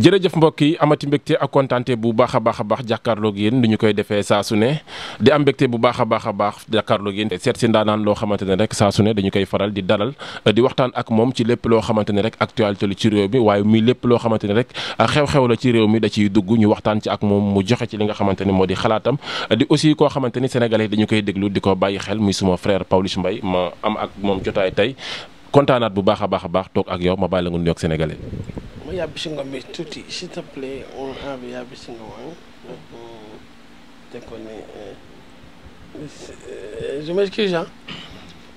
jërëjëf mbokk yi amati mbégte ak kontante bu baax a baax a baax jàkkaarloog yéen du ñu koy defee saa su ne di am mbégte bu baax a baax a baax jàkkaarloog yéen seet si ndaanaan loo xamante ne rek saa su dañu koy faral di daral di waxtaan ak moom ci lépp loo xamante ne rek actualité la ci réew mi waaye muy lépp loo xamante ne rek xew-xew la ci réew mi da ciy dugg ñu waxtaan ci ak moom mu joxe ci li nga xamante ne moo di xalaatam di aussi koo xamante ni sénégalais dañu koy déglu di ko bàyyi xel muy suma frère Pawlish Mbaye ma am ak moom jotaay tey kontaanaat bu baax a baax a baax toog ak yow ma bàyyi la nga nuyoog ma yàbbi si ngom bi tuuti s'il te plaît on envoie yàbbi si ngom ah. dégg ko ne je m'excuse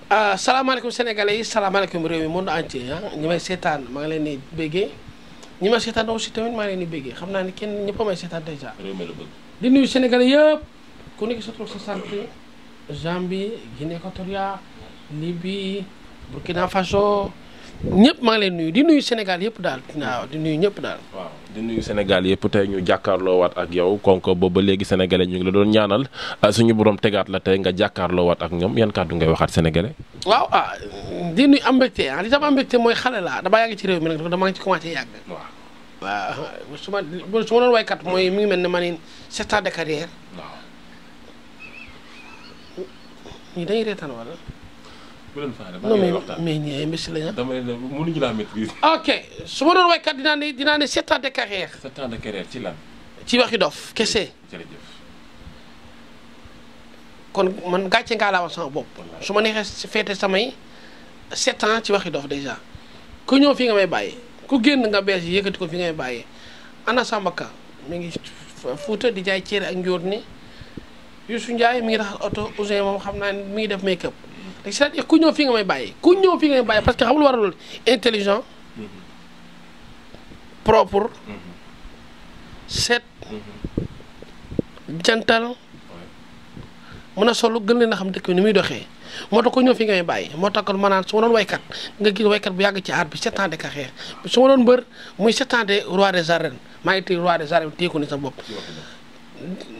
ah. salaamaaleykum sénégalais yi salaamaaleykum réew mi monde entier ah ñi may seetaan maa ngi leen di béggee ñi ma seetaan aussi tamit maa ngi leen di béggee xam naa ne kenn ñëpp a may seetaan dèjà. réew mi la bëgg. di nuyu sénégalais yëpp ku nekk sa tur sa sant Zambie Guinée Équatoriale Libye Burkina Faso. ñëpp maa leen nuyu di nuyu Sénégal yëpp daal waaw di nuyu ñëpp daal. waaw di nuyu Sénégal yëpp tey ñu waat ak yow konk boobu ba léegi sénégalais ñu ngi la doon ñaanal ah, suñu borom tegaat la tey nga waat ak ñoom yan kàddu ngay waxaat sénégalais. waaw ah di nuyu am mbégte ah li tax am mbégte mooy xale laa damaa yàgg ci réew mi nag damaa ngi ci commencé yàgg. waaw waaw su ma su ma doon waykat mooy mi ngi mel ne ma ne sept ans de carrière. waaw. ñii reetaan wala. bu leen faale ba ngeen waxtaan mais mais ñi ay mbési ah. ok su ma doon waykat dinaa ne dinaa ne sept ans de carrière. sept ans de ci waxi dof kese. jërëjëf. kon man gàcce ngaa laa wax sama bopp su ma neexee feete samay sept ans ci waxi dof déjà ku ñëw fi nga may bàyyi ku génn nga bees yi yëkkati ko fi nga may bàyyi ana Samba Ka mi ngi Fuuta di jaay cere ak njoot ni Youssou Ndiaye mi ngi rax oto Ousseyn moom xam naa ne mi ngi def make c'est-à-dire ku ñëw fii nga may bàyyi ku ñëw fii nga may bàyyi parce que xam lu war a loolu intelligent propre set jantal mën a solu gën leen a xam dëkk bi ni muy doxee moo tax ko ñëw fi ngay bàyyi moo tax ko ma naan su ma doon waykat nga gis waykat bu yàgg ci aar bi sept ans de carrière su ma doon mbër muy sept de roi des arènes maa ngi téye roi des arènes téye ni sa bopp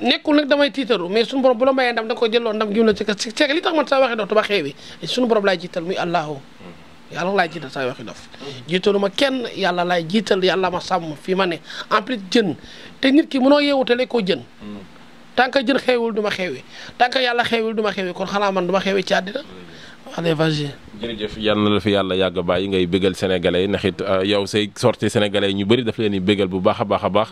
nekkul nag damay tiitaru mais suñu borom bu la mayee ndam da nga koy jëloo ndam gim la ci ci ceeg li tax man saa waxee dof dama xeewi suñu borom laay jiital muy allahu yàlla laay jiital saa waxi dof jiitalu ma kenn yàlla laay jiital yàlla ma sàmm fii ma ne en jën te nit ki mënoo yeewutale koo jën mm. tant jën xeewul du xeewi tant yàlla xeewul du xeewi kon xanaa man du xeewi ci àddina mm. allez vas-y. jërëjëf yal na la fi yàlla yàgg bàyyi ngay bégal sénégalais yi euh, yow say sorti sénégalais yi ñu bëri daf leen di bégal bu baax a baax a baax.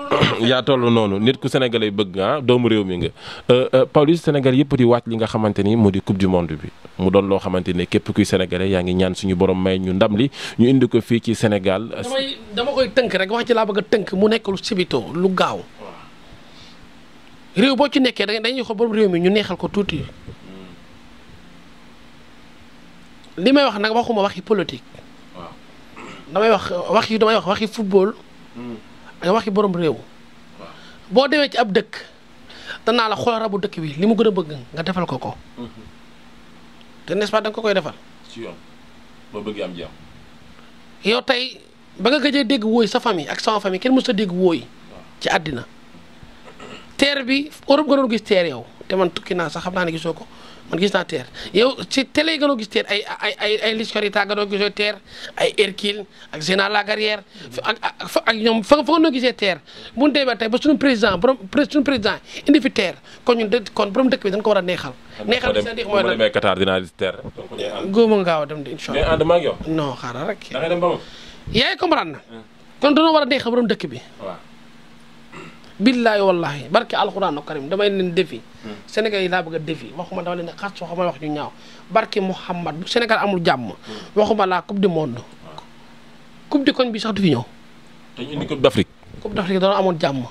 yaa toll noonu nit ku sénégalais bëgg nga ah, doomu réew mi nga. Euh, euh, Pawlish Sénégal yëpp di waaj li nga xamante ni mu di coupe du monde bi mu doon loo xamante ne képp kuy sénégalais yaa ngi ñaan suñu borom may ñu ndam li ñu indi ko fii ci Sénégal. damay dama koy tënk rek wax ci laa bëgg tënk mu nekk lu sibito lu gaaw réew boo ci nekkee dañuy xool borom ko tuuti li may wax nag waxuma waxi politique. waaw damay wax wax yi damay wax waxi football. Hmm. ak waxi borom réew. boo demee ci ab dëkk danaa la xool rabu dëkk bi li mu gën a bëgg nga defal ko ko. Hmm. te n'est-ce ko koy defal. si yow tey ba nga gëjee dégg wóoy sa famille ak sama famille kenn mës a dégg wóoy ci àddina. teer bi Europe nga doon gis teer yow te man tukki naa sax xam naa ne gisoo ko man gis naa teer yow ci télé yi gis teer ay ay ay ay Liss Korita nga doon gisoo teer ay Hercule ak Zena Lagarrière ak ak ñoom fa nga teer bu ñu demee ba tey ba suñu président borom suñu président indi fi teer kon ñun de kon dëkk bi dañ ko war a neexal. neexal bi sa neex mooy lan bu ma demee Qatar dinaa gis a dem de ak yow. non xaaral da na. kon dañoo war a neexal borom dëkk bi. billaay wallahi barke alxuraanu karim damay leen défi hmm. Sénégal yi laa bëgg a défi waxuma dama leen xas waxuma wax ñu ñaaw barke Mouhamad bu senegal amul jàmm. Hmm. waxuma laa coupe du monde. Hmm. coupe du koñ bi sax du fi ñëw. dañu indi coupe dana amoon jàmm.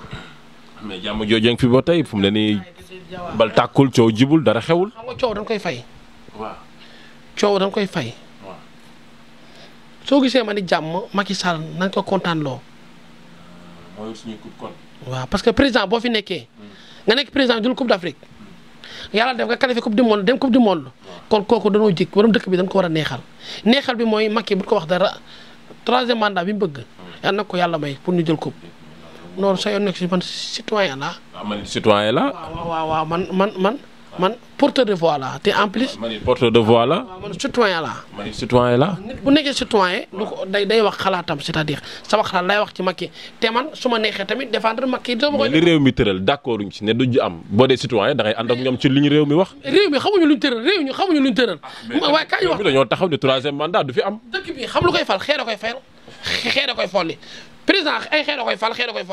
mais jàmm jooju ngi fi ba tey fu mu ne nii. bal tàkkul coow jibul dara xewul. xam nga coow dana koy fay. waaw coow dañ koy fay. soo gisee ma ni jàmm Macky Sall nañ ko kontaan moo yor suñuy coupe parce que président boo fi nekkee. Hmm. nga nekk président d'une coupe d'Afrique. Hmm. yàlla def nga qualifié coupe du monde dem coupe du monde. kon kooku danoo jig waram dëkk bi dañ ko war a neexal. neexal bi mooy Macky bu ko wax dara troisième mandat bi mu bëgg. Hmm. yal na ko yàlla may pour ñu jël coupe. noonu sa yoon nekk si man citoyen la. waaw ah, man citoyen la. man man. man porteur de voix la te en plus. man de voix la. man citoyen la. man citoyen la. bu nekkee citoyen lu ko day day wax xalaatam c'est-à-dire sama xalaat lay wax ci Macky te man su ma neexee tamit défendre Macky. dama koy mais mi tëral d'accord ne du am boo dee citoyen da ngay ñoom ci li ñu mi wax. réew mi xamuñu luñ tëral réew ñu xamuñu luñ tëral. Ah, waaye kaay wax dañoo taxaw ne troisième mandat du fi am. xam lu koy fal xeer a koy fayal xeer a koy ay xeer a koy fal xeer a koy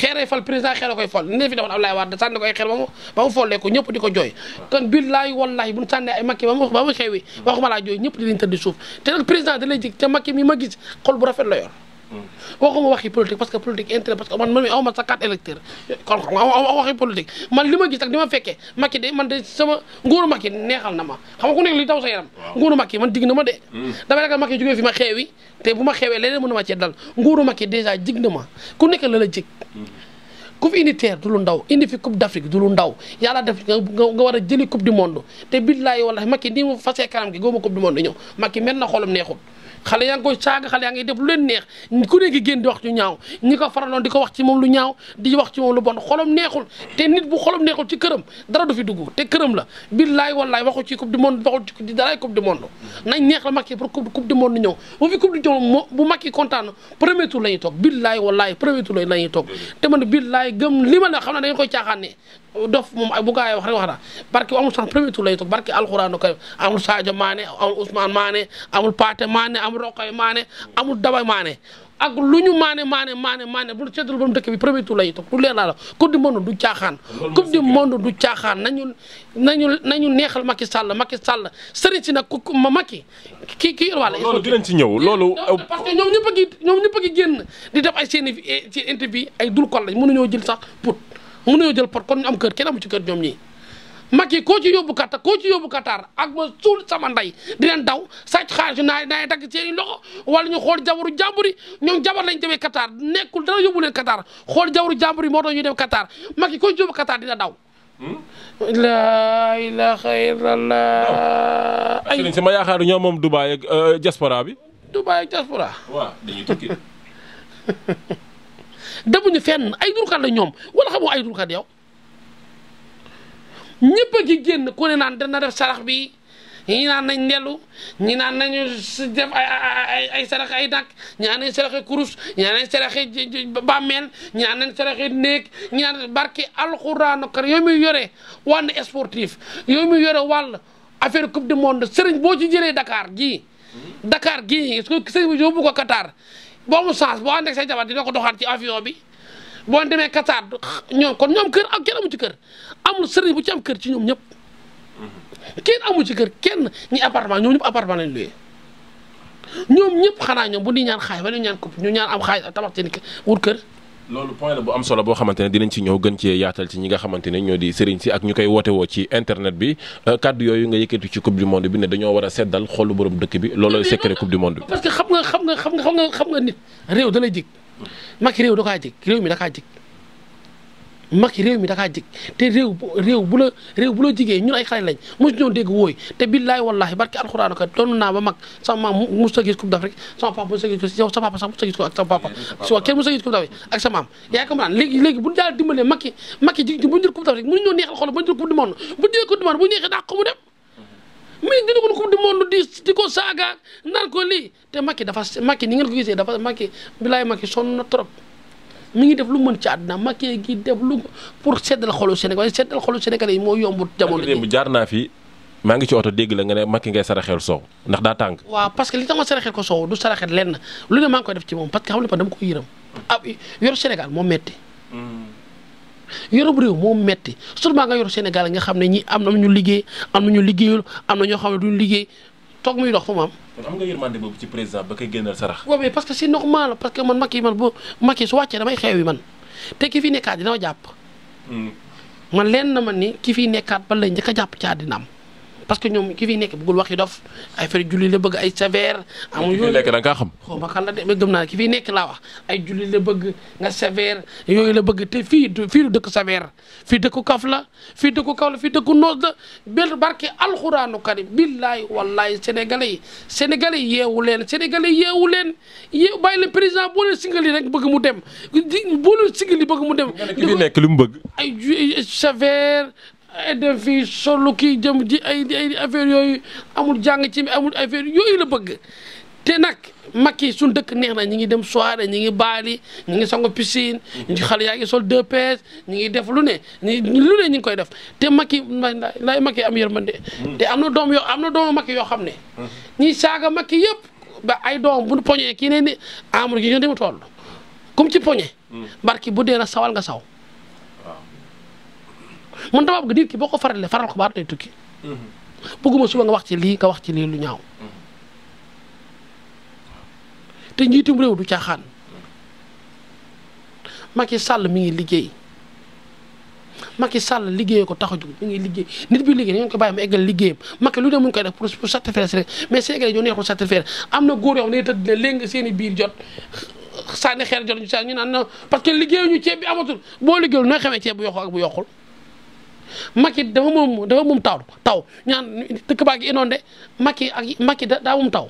xeeree fal président xeere koy fal ne fi defoon Abdoulaye Wade sànni ko ay xeer ba mu ba mu follee ko ñëpp di ko jooy kon billaay wallaay bu ñu sànnee ay Macky ba mu ba mu xewi jooy ñëpp dinañ tëdd suuf te nag président da lay jik te Macky mi ma gis bu rafet la yor waxuma waxi politique parce que politique intérêt parce que man man mi aw ma sa carte électeur kon xam nga waxi li ma gis ak li ma fekkee Macky de man de sama nguuru Macky neexal na ma xam ku nekk li daw sa yaram nguuru Macky man dig na ma de hmm. damay ragal Macky jógee fi ma xeewi te bu ma xeewee leneen mën na ma cee dal nguuru Macky dèjà jig na ma ku nekk la la jig ku fi indi du lu ndaw indi fi coupe d' afrique du lu ndaw yàlla def nga nga war a jëli coupe du monde te billaay wallahi Macky nii mu fasee kanam gi góoma coupe du monde ñëw Macky mel na xolam neexul xale yaa ngi koy saaga xale yaa ngi def lu leen neex ku nekk génn di wax ci ñaaw ñi ko faraloon di ko wax ci moom lu ñaaw di wax ci moom lu bon xolom neexul te nit bu xolom neexul ci këram dara du fi dugg te këram la billaay wallaay waxu ci coupe du monde waxul ci di daraay coupe du monde nañ neex la Macky pour coupe du monde ñëw bu fi coupe du monde bu Macky kontaan premier tour la ñuy toog billaay wallaay premier tour la ñuy toog te man billaay gëm li ma la xam ne dañ koy caaxaan dof moom bu gaa yi wax rek wax na barke amul sax premier tour lay toog barke alxuraanu kay amul Sadio Mané amul Ousmane Mané amul Pathé Mané amul Rokhaya Mané amul Daba Mané ak lu ñu maane maane maane maane bu seetal ba mu dëkk bi premier tour lay toog lu leer laa la coupe du monde du caaxaan coupe du monde du caaxaan nañu nañu nañu neexal Macky Sall Macky Sall sëriñ si nag ku ma Macky ki ki yor wàlla loolu dinañ ci ñëw eh, loolu euh, parce que ñoom ñëpp a ngi ñoom ñëpp a ngi génn di def ay seen i seen eh, interview ay dul kol lañ mënuñoo jël sax put mun mënuñoo jël pot kon am kër kenn amu ci kër ñoom ñii Macky koo ci yóbbu Qatar koo ci yóbbu Qatar ak ma suul sama ndey di leen daw sàcc xaalis naa naay dagg seen i loxo wala ñu xool jabaru jàmbur yi ñoom jabar lañ demee Qatar nekkul dara yóbbu leen Qatar xool jabaru jàmbur yi moo tax ñuy dem Qatar Macky koo ci yóbbu Qatar dina daw. Hmm? la ilaha illallah. ay moom Dubaay ak euh, bi. Dubaay demuñu fenn ay durkat la ñoom wala xamoo ay durkat yow ñëpp a ngi génn ku ne naan dana def sarax bi ñi naan nañ ndellu ñi naan nañu def ay ay saraxe nag ñi naan nañ saraxe kurus ñi naan nañ saraxe bàmmeel ñi naan nañ saraxe néeg ñi naan barke alxuraanu kar yow muy yore wàll sportif yow muy yore wàll affaire coupe du monde sëriñ boo ci jëlee Dakar gi Dakar gi sëriñ bi yóbbu ko Qatar boo boobu chance boo ànd ak say jabar dina ko doxaat ci avion bi boo demee Qatar ñoom kon ñoom kër ak kenn amu ci kër amul sëriñ bu ci am kër ci ñoom ñëpp kenn amu ci kër kenn ñi apartement ñoom ñëpp appartement lañ luyee ñoom ñëpp xanaa ñoom bu ñuy ñaan xaay ba ñu ñaan coupe ñu ñaan am xaay tabax seen wut kër loolu point la bu am solo boo xamante ne dinañ ci ñëw gën cee yaatal ci ñi nga xamante ne ñoo di sëriñ si ak ñu koy woote ci internet bi euh, kàddu yooyu nga yëkkati ci coupe du monde bi ne dañoo war a seddal xolu borom dëkk bi loolooy secret coupe du monde bi. parce que xam nga xam nga xam nga xam nga nit réew da lay jig réew da kaa jig réew mi da kaa jig Macky réew mi dakaa jig te réew réew bu la réew bu la jigee ñun ay xale lañ mosu ñoo dégg wooy te billaay wallahi barki alxuraan ko doon sama maam mos sa gis coupe d'Afrique sama papa mos sa gis ko yow sa gis ko ak ak sa maam yaa ko mën léegi léegi bu daal dimbalee Macky Macky jig bu ñu jël coupe d'Afrique mënu ñoo neexal xol ba ñu jël coupe du monde bu jëlee coupe du monde bu neexee daa ko mu dem mais dina ko coupe du monde di di ko saaga naan ko lii te Macky dafa Macky ni ngeen ko gisee dafa Macky billaay Macky sonn na trop mi ngi def lu mën ci àdduna Macky gi def lu pour seddal xolu Sénégal seddal xolu Sénégal yi moo yombut jamono ji jaar naa fi maa ngi ci oto dégg la nga ne Macky ngay saraxeel soow ndax daa tàng waa parce que li tax ma saraxeel ko soow du saraxeel lenn lu ne maa ngi koy def ci moom parce que xam ne pa dama ko yëram ah yor Sénégal moom metti hmm. yorub réew moom metti surtout nga yoru Sénégal nga xam ne ñi am na ñu liggéey am na ñu liggéeyul am na xam ne duñu liggéey toog muy dox fu mu am kon am nga yërmande boobu ci président ba koy génnal sarax. waaw mais parce que c'est normal parce que man Macky man bu Macky su wàccee damay xeewi man te ki fi nekkaat dina ma jàpp. Hmm. man leen na ma ni kii fi nekkaat ba lay njëkk a jàpp ci àddinaam parce que ñoom ki fi nekk bëggul wax yi dof ay fere julli la bëgg ay sévère. amul yooyu la naa ki fi nekk laa wax ay julli la bëgg nga sévère yooyu la bëgg te fii du fii du dëkk sévère fii dëkku kaf la fii dëkku kaw fii dëkku noos la barke alxuraanu karim billaay wallaay sénégalais yi sénégalais yeewu leen sénégalais yi yeewu leen yeewu bàyyi le boo leen singali rek bëgg mu dem boo leen singali bëgg mu dem. ki fi nekk li mu bëgg. ay sévère Eh, dem fii solo kii jëm ji ay ay affaire yooyu amul jàng ci amul affaire yooyu la bëgg te nag mag yi suñ dëkk neex na ñi ngi dem soirée ñi ngi baali ñi ngi sango piscine mm-hmm. ñu yaa ngi sol deux pièces ñi ngi def lu ne ñi lu ne ñi ngi koy def te mag yi laay mag yi am yërmande mm-hmm. te am na doom yoo am na doomu mag yoo xam ne mm-hmm. ñiy saaga mag yi yëpp ba ay doom buñu poñe kii ne ni amul gi ñoo demu toll comme ci poñe barki bu dee na sawal nga saw man damaa bëgg nit ki boo ko faralee faral ko ba day tukki. bëgguma suba nga wax ci lii nga wax ci lii lu ñaaw. te njiitum réew du caaxaan. Macky Sall mi ngi liggéey. Macky Sall liggéey ko tax a jug mi ngi liggéey nit bi liggéey dañu ko bàyyi mu eggal liggéeyam Macky lu ne mu ngi koy def pour pour satisfaire rek mais Sénégalais ñoo neexul satisfaire am na góor yoo xam ne tëdd na léegi seen biir jot sànni xeer jot ñu saa ñu naan parce que liggéeyuñu ceeb bi amatul boo liggéeyul nooy xamee ceeb bu yokkul ak bu yokkul. Macky dafa moom dafa moom taw taw ñaan dëkk baa ngi inondé Macky ak Macky daa moom taw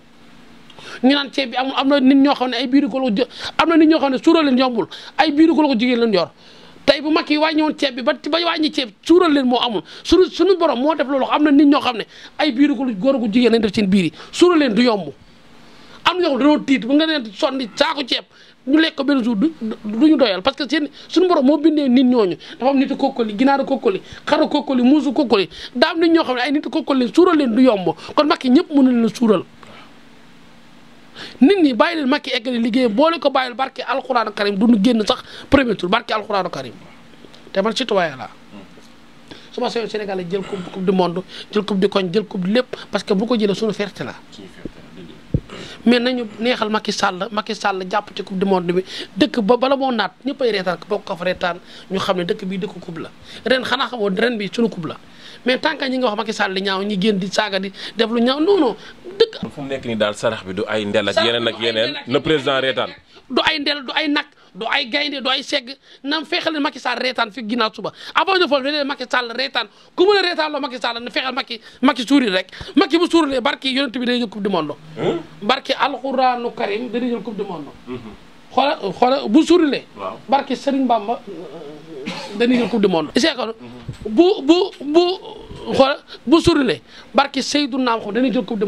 ñu naan ceeb bi amul am na nit ñoo xam ne ay biiru ko am na nit ñoo xam ne suural leen yombul ay biiru ko jigéen leen yor tey bu Macky wàññi woon ceeb bi ba ba wàññi ceeb suural leen moo amul suñu suñu borom moo def loolu am na nit ñoo xam ne ay biiru ko góor gu jigéen lañ def seen biir yi suural leen du yomb am na ñoo xam ne dañoo tiit bu nga leen saako ceeb ñu lekk ko benn jour du ñu doyal parce que seen suñu moo bindee nit ñooñu dafa am nitu kokkoli ginaaru kokkoli xaru kokkoli muusu kokkoli daa nit ñoo xam ne ay nitu kokkoli suural leen du yomb kon Macky ñëpp mën na leen suural nit ñi bàyyi leen Macky liggéey boole ko bàyyil barke alxuraanu karim duñu génn sax premier tour barke alxuraanu karim te man citoyen laa su ma soyoon Sénégal jël coupe du monde jël coupe du koñ jël coupe lépp parce que bu ko jëlee suñu fierté la mais nañu neexal Macky Sall Macky Sall jàpp ci coupe du monde bi dëkk bala moo naat ñëpp reetaan bokk ko fa reetaan ñu xam ne dëkk bi dëkk coupe la ren xanaa xamoo ren bi suñu coupe la mais tant que ñi nga wax Macky Sall di ñaaw ñi génn di saaga di def lu ñaaw non dëkk fu nekk ni daal sarax bi du ay ndel ak yeneen ak yeneen le président reetaan du ay ndel du ay nag do ay gaynde du ay segg nam fexeel ne Macky Sall reetaan fi ginnaaw suba avant de fol fexeel ne Macky Sall reetaan ku mën a reetaan loo Macky Sall ne fexeel Macky Macky suuri rek Macky bu suurulee barki yonent bi day jël coupe du monde. Hmm? barki alxuraanu karim dana jël coupe du monde. Hmm. xoola bu suurulee. waaw barki Serigne Bamba euh, dana jël coupe du monde. est-ce que bu bu bu. xoolal bu surulee barke Seydou Naam xam dañuy jël coupe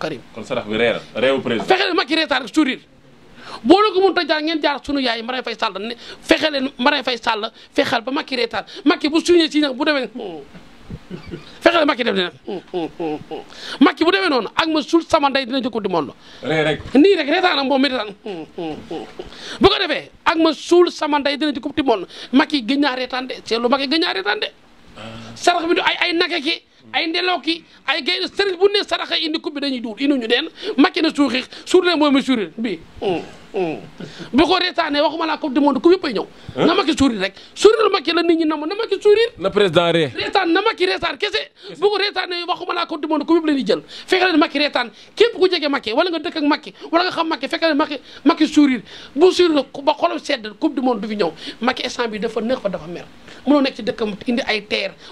karim. kon sarax bi rek sourire boo la ko mënut a jaar ngeen jaar sunu yaay Marème Faye Sall ne fexe leen Marème Faye Sall fexeel ba Macky reetaan Macky bu suñee si nag bu demee fexeel Macky def ne nag Macky bu demee noonu ak ma suul sama ndey dina jëkku di moon rek nii rek reetaanam moom mi reetaan bu ko defee ak ma suul sama ndey dina jëkku di moon Macky gën naa reetaan de seetlu Macky gën naa reetaan de sarax bi du ay ay nake ki ay ndeloo ki ay gay sëriñ bu ne saraxa indi coupe bi dañuy duul indi ñu den Macky na suuxi suur ne mooy ma suuril bi Hmm. bu ko reetaanee waxuma laa coupe du monde ku yëpp ay ñëw. na Macky bu ko reetaanee waxuma laa coupe du monde ku yëpp la ñuy jël ne Macky reetaan képp ku jege ne Macky Macky sourire bu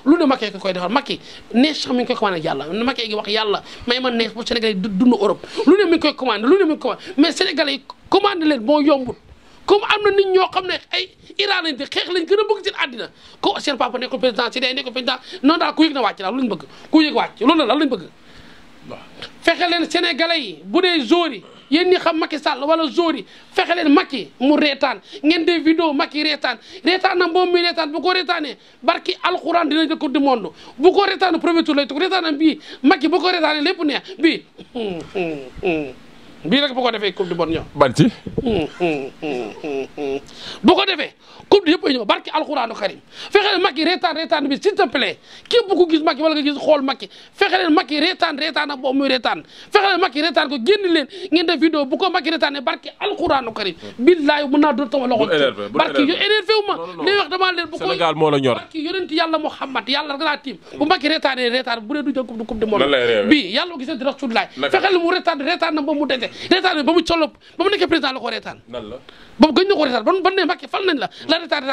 lu ne Macky koy defal Macky neex sax mi koy commandé yàlla ma Sénégal yi dund commandé leen moo yombut comme am na nit ñoo xam ne ay Iran lañ te xeex lañ gën a bëgg seen àddina ko seen papa nekkul président si day nekkul président noonu daal ku yëg na wàcc daal la lan lañ bëgg fexe leen sénégalais yi bu dee zori yéen ñi xam Macky Sall wala zori fexe leen Macky mu reetaan ngeen dee vidéo Macky reetaan reetaan na moom mi reetaan bu ko reetaanee barki alxuraan dina jël coupe du monde bu ko reetaan premier tour lay tug reetaan ko reetaanee lépp bii rek bu ko defee coupe du monde ñëw. ban ci. Hmm, hmm, hmm, bu ko defee coupe du yëpp ay ñëw barki alxuraanu karim fexe leen Macky reetaan reetaan bi s'il te plaît képp ku gis Macky wala leen Macky reetaan reetaan ak ko génn leen ngeen def vidéo bu ko Macky reetaan ne barki alxuraanu karim. billaay mën naa doon sama loxo. bu énervé bu barki yo énervé wu leen bu koy Sénégal bu Macky bu dee du jël coupe du coupe du monde. lan lay réew bi ba mu dese reetaan bi ba mu collo ba mu nekkee président la ko reetaan. nan la boobu gëj na ko reetaan ban ban ne Macky fal nañ la la reetaan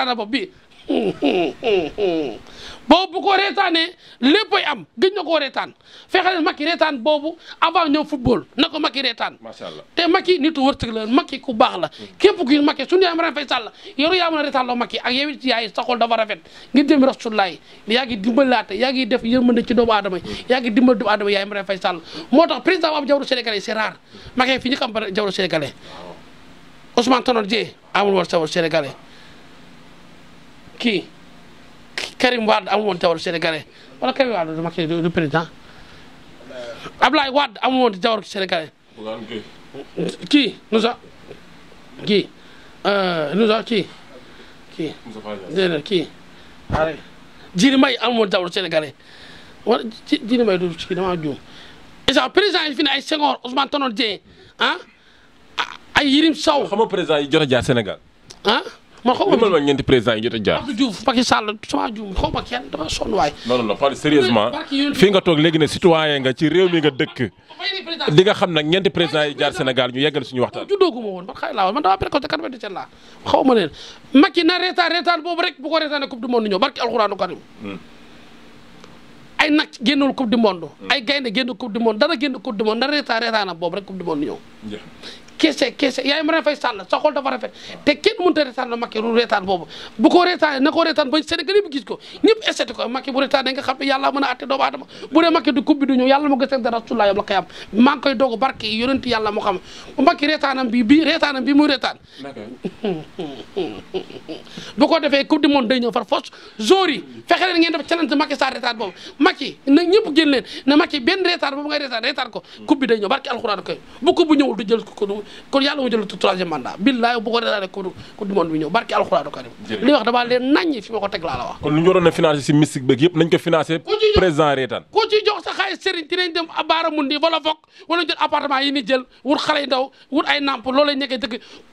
boobu bu ko reetaanee léppay am gëj na koo reetaan fexe leen Macky reetaan boobu avant ñoom football na ko Macky reetaan. macha allah te Macky nitu wërsëg la Macky ku baax la. Hmm. képp ku ñu Macky suñu yaay Marème Faye Sall yow yaa mën a reetaan loo Macky ak yow it yaay sa xol dafa rafet ngir dem Rasulullaay yaa ngi dimbalaate yaa ngi def yërmande ci doomu aadama hmm. yaa ngi dimbal doomu yaay Marème Faye Sall moo tax président bu am jawru sénégalais c'est rare hmm. fi ñu ko am jawru sénégalais Ousmane Tanor Dieng amul woon sa sénégalais kii Karim Wade amu woon jabar sénégalais wala Karim Wade du Macky du président Ablaye Wade amu woon jabar sénégalais. kii Nusa kii Nusa kii kii déedéet kii xaaral Djily Mbaye amu du kii damaa juum exemple président yi fi ay Senghor Ousmane Tanor Dieng ah ay Yirim Sow xam nga président yi jot a jaar ma xaw ma ma ñeenti président yi jot a jaar Abdou Diouf Macky Sall sama Diouf xaw ma kenn dama sonn waay non non non sérieusement fii nga toog léegi ne citoyen nga ci réew mi nga dëkk di nga xam nag ñeenti président yi jaar Sénégal ñu yeggal suñu waxtaan juddoogu ma woon man xay laa woon man dama précoce quatre-vingt-dix-sept laa xaw ma leen Macky na reetaan reetaan boobu rek bu ko reetaane coupe du monde ñëw barki alxuraanu karim hmm. ay nag génnul coupe du monde hmm. ay gaynde génn coupe du monde dara génn coupe du monde na reetaan reetaanam boobu rek coupe du monde ñëw kese kese yaay Marème Faye Sall sa xol dafa rafet te kenn mënut a reetaan la Macky lu reetaan boobu bu ko reetaan na ko reetaan ba Sénégal yëpp ko ñëpp essayé bu a atte doomu aadama la xiyam maa bu ko defee coupe du monde day ñëw far fos jour yi fexe leen def challenge Macky Sall reetaan boobu Macky na ñëpp génn leen na Macky benn reetaan boobu ngay reetaan reetaan ko coupe bi day ñëw barke alxuraan koy bu coupe bu ñëwul du jël ko kon yàlla moo jël troisième mandat billaay bu ko reeraane ko ko du ñëw barki alxuraanu karim li wax damaa leen naññi fi a financé si mystique bëgg yëpp nañ ko financé président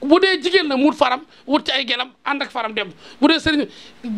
ni dee jigéen la mu faram wut ci ay gelam ak faram dem bu dee sëriñ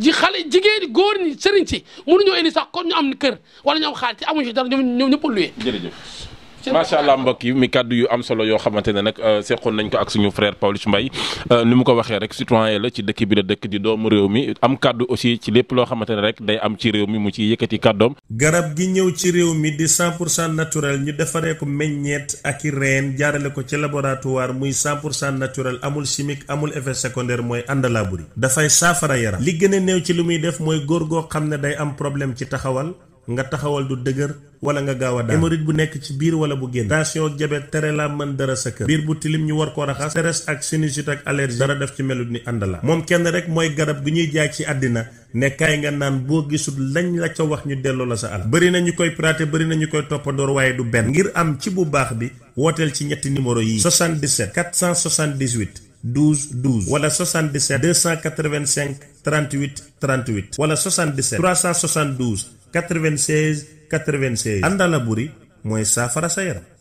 ji xale jigéen góor ñi sëriñ si mënuñoo indi sax kon ñu am kër wala ñu am xaalis amuñu si dara ñoom ñoom ñëpp luwee jërëjëf macha allah mbokk yi mi kàddu yu am solo yoo xamante ne nag euh, seqoon nañ ko ak suñu frère Pawlish Mbaye euh, ni mu ko waxee rek citoyen la ci dëkk bi la dëkk di doomu réew mi am kàddu aussi ci lépp loo xamante ne rek day am ci réew mi mu ci yëkkati kàddoom. garab gi ñëw ci réew mi di cent pour cent naturel ñu defaree ko meññeet ak i reen jaarale ko ci laboratoire muy cent pour cent naturel amul chimique amul effet secondaire mooy àndalaa buri dafay saafara yaram li gën a ci li muy def mooy góor goo xam ne day am ci taxawal nga taxawal du dëgër wala nga gaaw a daan hémorroïde bu nekk ci biir wala bu génn tension ak jabet tere la mën dara sa kër biir bu tilim ñu war ko raxas stress ak sinusite ak allergie dara def ci melut ni àndala moom kenn rek mooy garab gi ñuy jaay ci àddina ne kaay nga naan boo gisul lañ la ca wax ñu delloo la sa alal bëri na ñu koy praté bëri na ñu koy toppadoor waaye du benn ngir am ci bu baax bi wooteel ci ñetti numéro yi 77 478 12 wala 77 285 wala 77 96 96. àndala buri mooy saafara sa yaram.